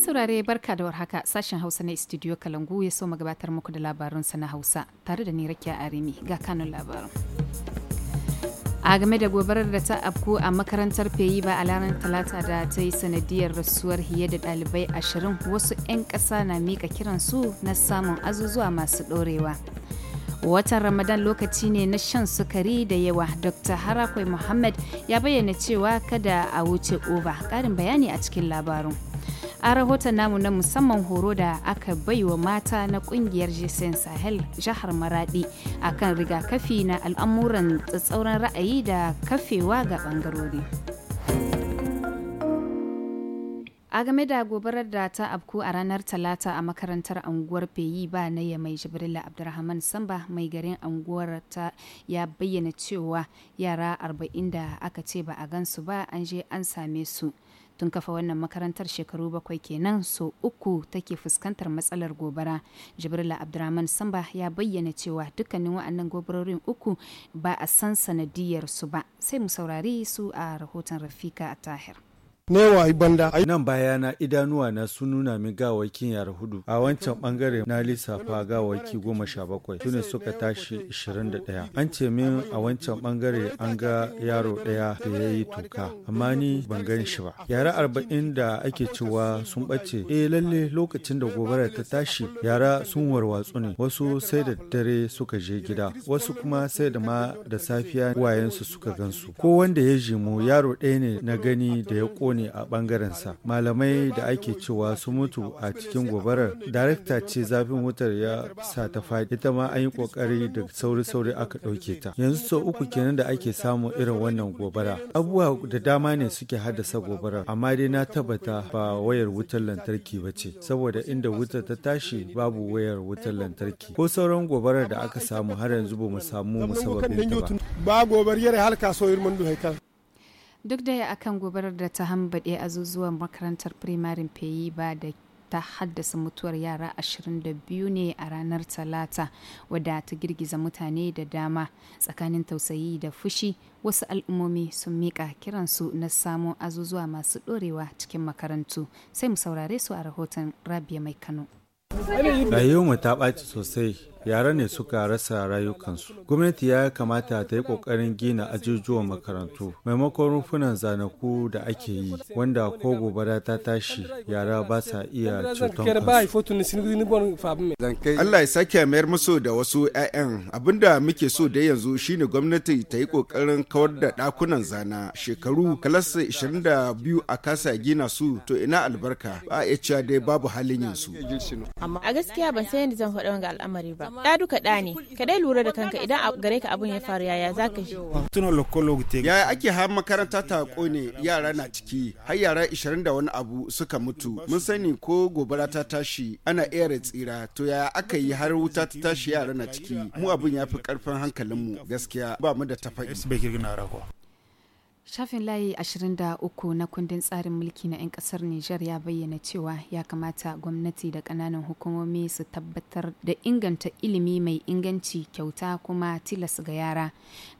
saurare barka da warhaka sashen Hausa na Studio Kalangu ya so magabatar muku da sa na Hausa tare da ni Rakiya Arimi ga kanun labarun. a game da gobarar da ta afku a makarantar feyi ba a ranar talata da ta yi sanadiyar rasuwar hiye da dalibai ashirin wasu 'yan ƙasa na mika kiran su na samun azuzuwa masu ɗorewa watan ramadan lokaci ne na shan sukari da yawa dr harakwai muhammad ya bayyana cewa kada a wuce uba ƙarin bayani a cikin labarin a rahoton namu na musamman horo da aka baiwa mata na kungiyar jisen sahel jihar maradi akan rigakafi na al'amuran tsatsauran ra'ayi da kafewa ga bangarori a game da gobarar da ta afku a ranar talata a makarantar anguwar peyi ba na mai jibrila abdulrahman samba mai garin anguwar ta ya bayyana cewa yara 40 da aka ce ba a gansu ba an je an same su tun kafa wannan makarantar shekaru bakwai kenan so uku take fuskantar matsalar gobara jibrila abdurrahman samba ya bayyana cewa dukkanin wa'annan gobarorin uku ba a san sanadiyar su ba sai mu saurari su a rahoton rafika a tahir ne wa banda. Nan baya na idanuwa na sun nuna min gawakin yara hudu. A wancan bangare na lissafa gawaki goma sha bakwai. Tuni suka tashi ishirin da daya. An ce min a wancan bangare an ga yaro daya da ya yi tuka. Amma ni ban gan shi ba. Yara arba'in da ake cewa sun bace Eh lalle lokacin da gobara ta tashi yara sun warwatsu ne. Wasu sai da dare suka je gida. Wasu kuma sai da ma da safiya wayensu suka gansu. Ko wanda ya jimu yaro ɗaya ne na gani da ya ƙone ne a ɓangarensa. Malamai da ake cewa su mutu a cikin gobarar, darakta ce zafin wutar ya sa ta faɗi. Ita ma an yi ƙoƙari da sauri-sauri aka ɗauke ta. Yanzu sau uku kenan da ake samu irin wannan gobara. Abubuwa da dama ne suke haddasa gobarar, amma dai na tabbata ba wayar wutar lantarki ba ce, saboda inda wutar ta tashi babu wayar wutar lantarki. Ko sauran gobarar da aka samu har yanzu ba mu samu musabbabin ta ba. Ba gobar yare halka duk da ya akan gobarar da ta hambaɗe zuzuwan makarantar firamaren peyi ba da ta haddasa mutuwar yara 22 ne a ranar talata wadda ta girgiza mutane da dama tsakanin tausayi da fushi wasu al'ummomi sun miƙa kiransu na samo azuzuwa masu ɗorewa cikin makarantu sai mu saurare su a rahoton rabia mai kano rayuwarmu ta ɓaci sosai yara ne suka rasa rayukansu gwamnati ya kamata ta yi kokarin gina ajujuwan makarantu maimakon rufunan zanaku da ake yi wanda ko gobara ta tashi yara ba sa iya ceton Allah ya sake mayar musu da wasu 'ya'yan abinda muke so da yanzu shine gwamnati ta yi kokarin kawar da dakunan zana shekaru kalasa 22 a kasa gina su to ina albarka ba a dai babu halin yin a gaskiya ban san yadda zan faɗa wanga al'amari ba ɗa duka ɗa ne ka dai lura da kanka idan gare ka abun ya faru yaya za ka shi ya ake har makaranta ta kone yara na ciki har yara 20 da wani abu suka mutu mun sani ko gobara ta tashi ana iya tsira to yaya aka yi har wuta ta tashi yara na ciki mu abun ya fi karfin hankalinmu gaskiya ba mu da tafaƙi Shafin layi 23 na kundin tsarin mulki na 'yan kasar Nijar ya bayyana cewa ya kamata gwamnati da ƙananan hukumomi su tabbatar da inganta ilimi mai inganci kyauta kuma tilas ga yara.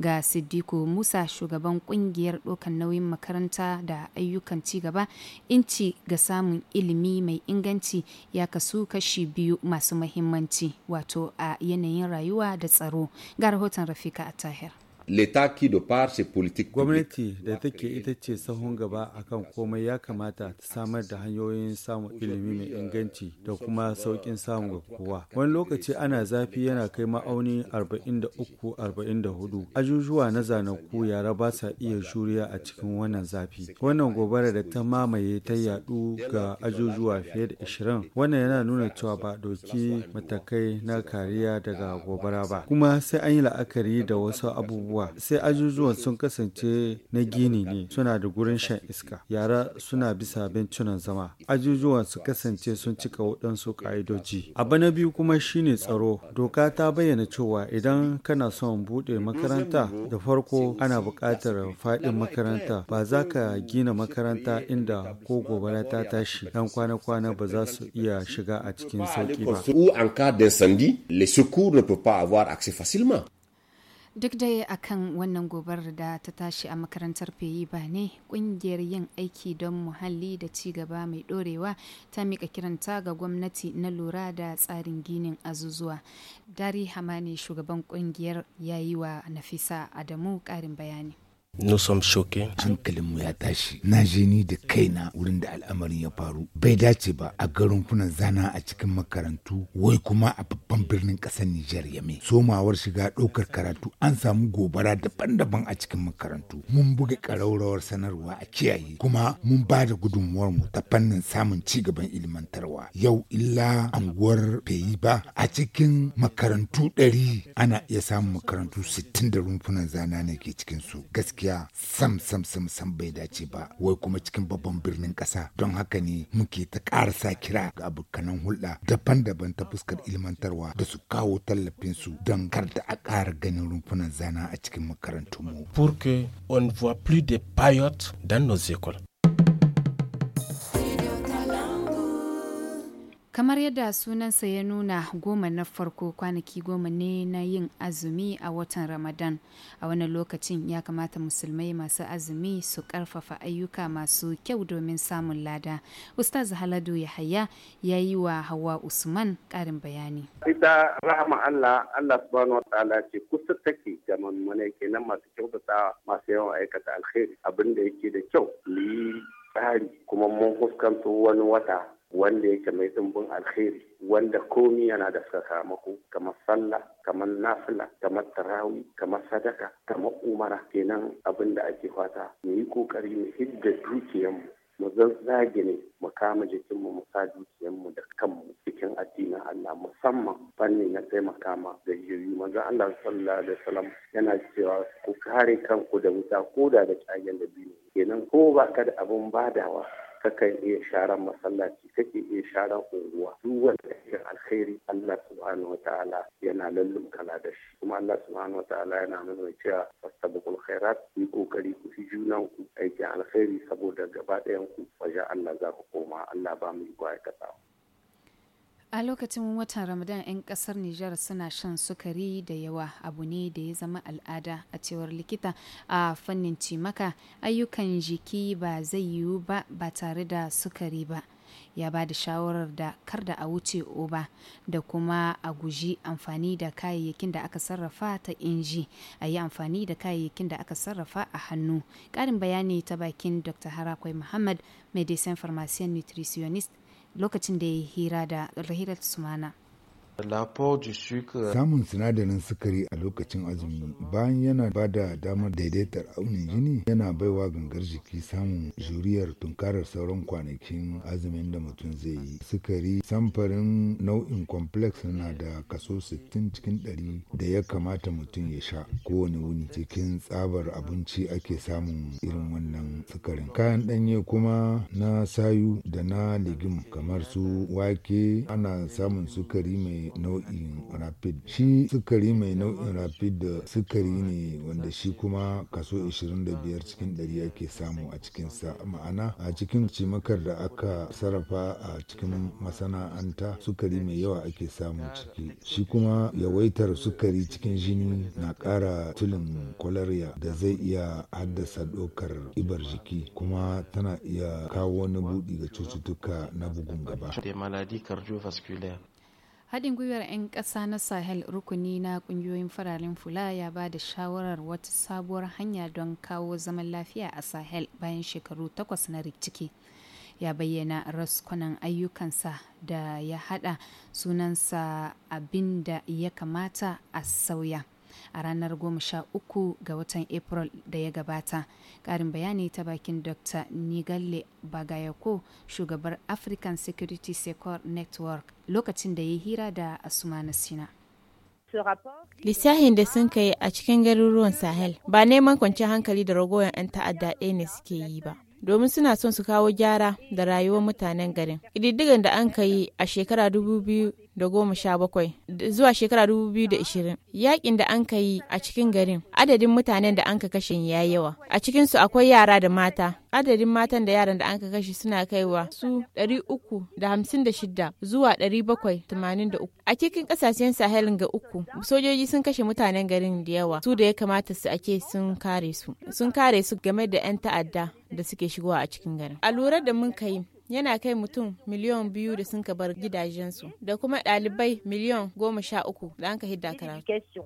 Ga Siddiku Musa shugaban ƙungiyar ɗaukan nauyin makaranta da ayyukan ci gaba, inci ga samun ilimi mai inganci ya kasu kashi biyu masu mahimmanci wato a yanayin rayuwa da tsaro. Ga rahoton Rafika a Tahir. letaki da farse politik gwamnati da take ita ce sahun gaba a kan komai ya kamata ta samar da hanyoyin samun ilimi mai inganci da kuma saukin samun ga kowa wani lokaci ana zafi yana kai ma'auni 43-44 ajujuwa na zanaku yara ba sa iya juriya a cikin wannan zafi wannan gobara da ta mamaye ta yadu ga ajujuwa fiye da 20 wannan yana nuna cewa ba doki matakai na kariya daga gobara ba kuma sai an yi la'akari da wasu abubuwa sai ajujuwan sun kasance na gini ne suna da gurin shan iska yara suna bisa bencunan zama ajujuwan su kasance sun cika waɗansu ƙa'idoji abu na biyu kuma shine tsaro doka ta bayyana cewa idan kana son buɗe makaranta da farko ana buƙatar faɗin makaranta ba za ka gina makaranta inda ko gobara ta tashi dan kwana-kwana ba za su iya shiga a cikin sauƙi ba. duk dai akan wannan gobar da ta tashi a makarantar feyi ba ne kungiyar yin aiki don muhalli da ci gaba mai dorewa ta mika kiranta ga gwamnati na lura da tsarin ginin azuzuwa dari hamani shugaban kungiyar yayi wa nafisa adamu karin bayani Nous sommes choqués. Hankalinmu ya tashi. Na je ni da kaina wurin da al'amarin ya faru. Bai dace ba a garin kunan zana a cikin makarantu wai kuma a babban birnin ƙasar Nijar Yame. Somawar shiga ɗaukar karatu an samu gobara daban-daban a cikin makarantu. Mun buga ƙaraurawar sanarwa a kiyaye kuma mun ba da gudunmuwar mu ta fannin samun ci gaban ilmantarwa. Yau illa anguwar Feyi ba a cikin makarantu ɗari ana iya samun makarantu sittin da rumfunan zana ne ke cikin su. Gaskiya gaskiya sam sam sam sam bai dace ba wai kuma cikin babban birnin kasa don haka ne muke ta karasa kira ga abokanan hulɗa daban-daban ta fuskar ilmantarwa da su kawo tallafin su don kar da a ƙara ganin rumfunan zana a cikin makarantunmu. Pour que on voit plus de payot dans nos écoles. kamar yadda sunansa ya nuna goma na farko kwanaki goma ne na yin azumi a watan ramadan a wani lokacin ya kamata musulmai masu azumi su karfafa ayyuka masu kyau domin samun lada ustaz haladu ya haya ya yi wa hawa usman karin bayani ita rahama allah allah subhanahu wa ta'ala ce kusa take ga mammanai kenan masu kyautata masu yawan aikata alkhairi abin da yake da kyau ni tsari kuma mun fuskanto wani wata wanda yake mai dumbun alheri wanda komi yana da sakamako kamar sallah kamar nafila kamar tarawi kamar sadaka kamar umara kenan abin da ake fata mu yi kokari mu hidda dukiyanmu mu zazzage ne mu kama jikinmu mu sa dukiyanmu da kanmu cikin addinin Allah musamman fanni na taimaka ma gajiyayyu manzo Allah sallallahu alaihi wasallam yana cewa ku kare kanku da wuta ko da da kyagen da biyu kenan ko ba ka da abun badawa kakan iya sharan masallaci kake iya sharan unguwa duk wanda irin alkhairi Allah subhanahu wataala yana lallum kala da shi kuma Allah subhanahu wataala yana nuna cewa fastabiqul khairat yi kokari ku fi junan ku aikin alkhairi saboda gaba ɗayan A lokacin watan Ramadan 'yan kasar Nijar suna shan sukari da yawa abu ne da ya zama al'ada a cewar likita a fannin cimaka ayyukan jiki ba zai yiwu ba ba tare da sukari ba. Ya ba da shawarar da kar da a wuce oba da kuma a guji amfani da kayayyakin da aka sarrafa ta inji a yi amfani da kayayyakin da aka sarrafa a hannu. karin bayani ta bakin Dr. Harakwai Muhammad, medecin pharmacien nutritionist lokacin da ya yi hira da Rahilat Sumana. Samun sinadarin sukari a lokacin azumi bayan yana ba da damar daidaitar aunin jini yana baiwa gangar jiki samun juriyar tunkarar sauran kwanakin azumin da mutum zai yi. Sukari samfarin nau'in complex na da kaso 60 cikin 100 da ya kamata mutum ya sha kowane wuni cikin tsabar abinci ake samun irin wannan sukarin. Kayan ɗanye kuma na sayu da na legume, kamar su wake ana samun sukari mai nau'in rapid shi sukari mai nau'in rapid da sukari ne wanda shi kuma kaso 25 cikin 100 ake samu a cikinsa ma'ana a cikin cimakar da aka sarrafa a cikin masana'anta sukari mai yawa ake samu ciki shi kuma yawaitar sukari cikin jini na kara tulin kwalariya da zai iya haddasa ɗaukar ibar jiki kuma tana iya kawo wani buɗi ga cututtuka na bugun gaba haɗin gwiwar 'yan ƙasa na sahel rukuni na ƙungiyoyin fararen fula ya ba da shawarar wata sabuwar hanya don kawo zaman lafiya a sahel bayan shekaru takwas na rikciki ya bayyana raskunan ayyukansa da ya haɗa sunansa abin da ya kamata a sauya a ranar 13 ga watan april da ya gabata karin bayani ta bakin dr nigalle bagayako shugabar african security secure network lokacin da ya hira da asumana sina Lissahin da sun kai a cikin garuruwan Sahel ba neman kwanciyar hankali da ragowar 'yan ta'adda ɗaya ne suke yi ba. Domin suna son su kawo gyara da rayuwar mutanen garin. Ƙididdigan da an ka yi a shekara da goma sha bakwai zuwa shekara dubu biyu da ishirin yakin da an yi a cikin garin adadin mutanen da an ka kashe ya yawa a su akwai yara da mata adadin matan da yaran da an ka kashe suna kaiwa su ɗari uku da hamsin da shida zuwa ɗari bakwai tamanin da uku a cikin ƙasashen sahel ga uku sojoji sun kashe mutanen garin da yawa su da ya kamata su ake sun kare su sun kare su game da 'yan ta'adda da suke shigowa a cikin garin a lura da mun kai yana kai mutum miliyon biyu da sun bar gidajensu da kuma ɗalibai miliyon goma sha uku da an ka hidda karatu.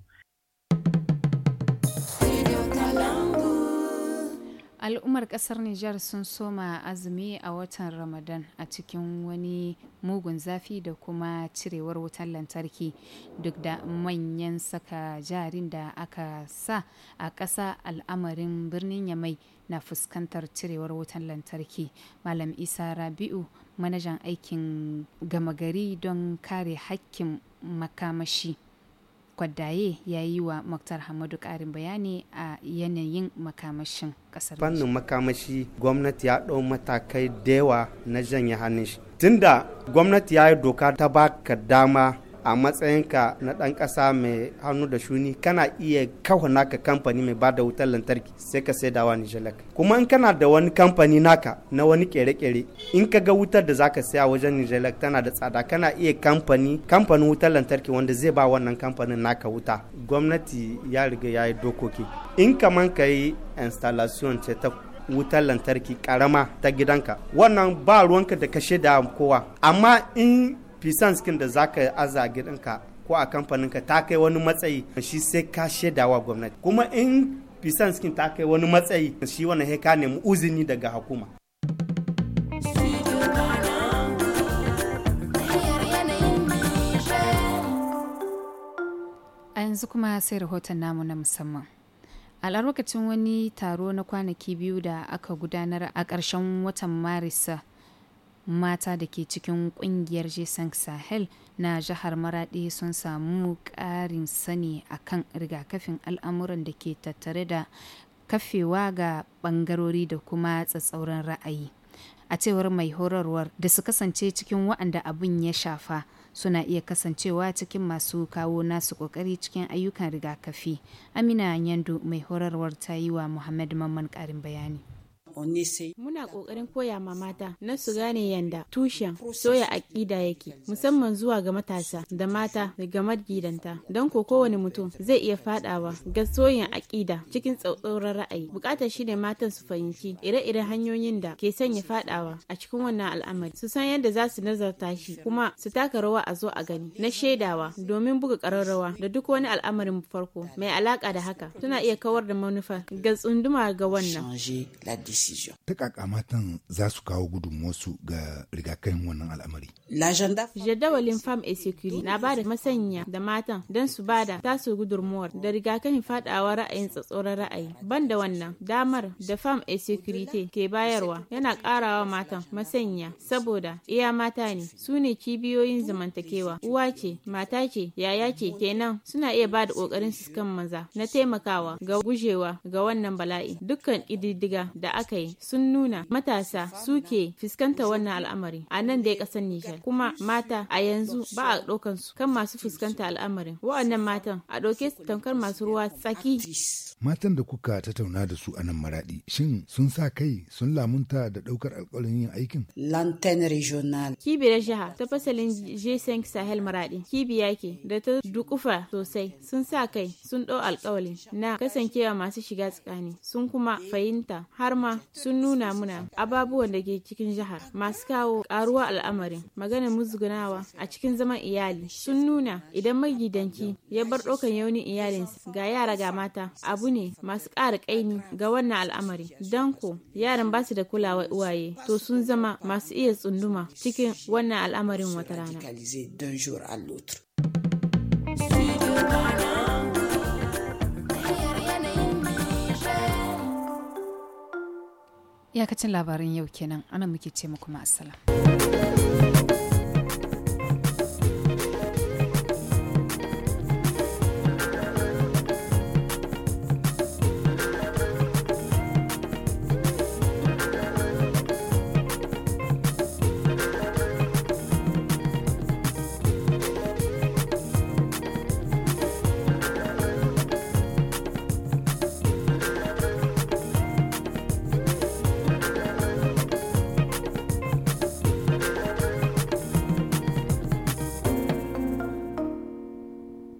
Al'ummar kasar Nijar sun soma azumi a watan Ramadan a cikin wani mugun zafi da kuma cirewar wutar lantarki duk da manyan saka jarin da aka sa a ƙasa al'amarin birnin Yamai na fuskantar cirewar wutar lantarki. Malam Isa Rabi'u manajan aikin gama gari don kare hakkin makamashi. Kwaddaye ya yi wa Muktar Hamadu ƙarin bayani a yanayin makamashin ƙasar Fannin makamashi gwamnati ya ɗau matakai da yawa na janye hannun shi. Tunda gwamnati ya yi doka ta baka dama a matsayinka na ɗan ƙasa mai hannu da shuni kana iya kawo naka kamfani mai ba da wutar lantarki sai ka da saidawa nijalak kuma in kana da wani kamfani naka na wani kere-kere in ka ga wutar da zaka saya wajen nijalak tana da tsada kana iya kamfani kamfanin wutar lantarki wanda zai ba wannan kamfanin naka wuta gwamnati ya riga ya yi dokoki in kaman ka yi installation ce ta wutar lantarki karama ta gidanka wannan ba ruwanka da kashe da kowa amma in puissance skin da zaka aza gidanka ko a kamfaninka ta kai wani matsayi shi sai ka shaidawa gwamnati kuma in fisanskin ta kai wani matsayi shi wani sai ne nemi uzini daga hukuma a yanzu kuma sai rahoton namu na musamman a lokacin wani taro na kwanaki biyu da aka gudanar a ƙarshen watan marisa mata da ke cikin kungiyar jason sahel na jihar maradi sun samu ƙarin sani a kan rigakafin al'amuran da ke tattare da kafewa ga bangarori da kuma tsatsauran ra'ayi a cewar mai horarwar da su kasance cikin wa'anda abin ya shafa suna iya kasancewa cikin masu kawo nasu kokari cikin ayyukan rigakafi amina yandu mai horarwar ta yi wa muhammad mamman karin bayani Muna ƙoƙarin koya ma mata na su gane yanda tushen soya aƙida yake musamman zuwa ga matasa da mata da gamar gidanta don ko kowane mutum zai iya fadawa ga soyin aƙida cikin tsautsauran ra'ayi. Bukatar shi ne matan su fahimci ire-iren hanyoyin da ke sanya fadawa a cikin wannan al'amari su san yadda za su nazarta shi kuma su taka rawa a zo a gani na shaidawa domin buga ƙararrawa da duk wani al'amarin farko mai alaƙa da haka suna iya kawar da manufa ga tsunduma ga wannan. decision. Ta kaka matan za su kawo ga rigakafin wannan al'amari. Jadawalin Farm a Security na ba da masanya da matan don su ba da tasu gudunmuwar da rigakafin fadawa ra'ayin tsatsoron ra'ayi. Banda wannan damar da Farm a Security ke bayarwa yana karawa matan masanya saboda iya mata ne su ne kibiyoyin zamantakewa uwa ce mata ce yaya ce kenan suna iya ba da kokarin su kan maza na taimakawa ga gujewa ga wannan bala'i dukkan ƙididdiga da aka kai sun nuna matasa suke fuskanta wannan al'amari a nan dai kasan Nijar. Kuma mata a yanzu ba a ɗaukan su kan masu fuskanta al'amarin. Wa'annan matan a ɗauke su tamkar masu ruwa tsaki. Matan da kuka tattauna da su a nan maraɗi, shin sun sa kai sun lamunta da ɗaukar alƙalin yin aikin? Lantern Regional. Kibiyar jiha ta fasalin G5 Sahel maraɗi, kibiya ke da ta dukufa sosai sun sa kai sun ɗau alƙawalin na kasancewa masu shiga tsakani sun kuma fahimta har ma sun nuna muna ababuwan da ke cikin jihar masu kawo karuwa al'amarin magana musgunawa a cikin zaman iyali sun nuna idan magidanci ya bar ɗaukan yaunin iyalinsa ga yara ga mata abu ne masu ƙara ƙaini ga wannan al'amari don ko yaran ba su da kulawar uwaye to sun zama masu iya tsunduma cikin wannan al'amarin wata rana. Iyakacin labarin yau kenan ana muke ce muku ma'asala.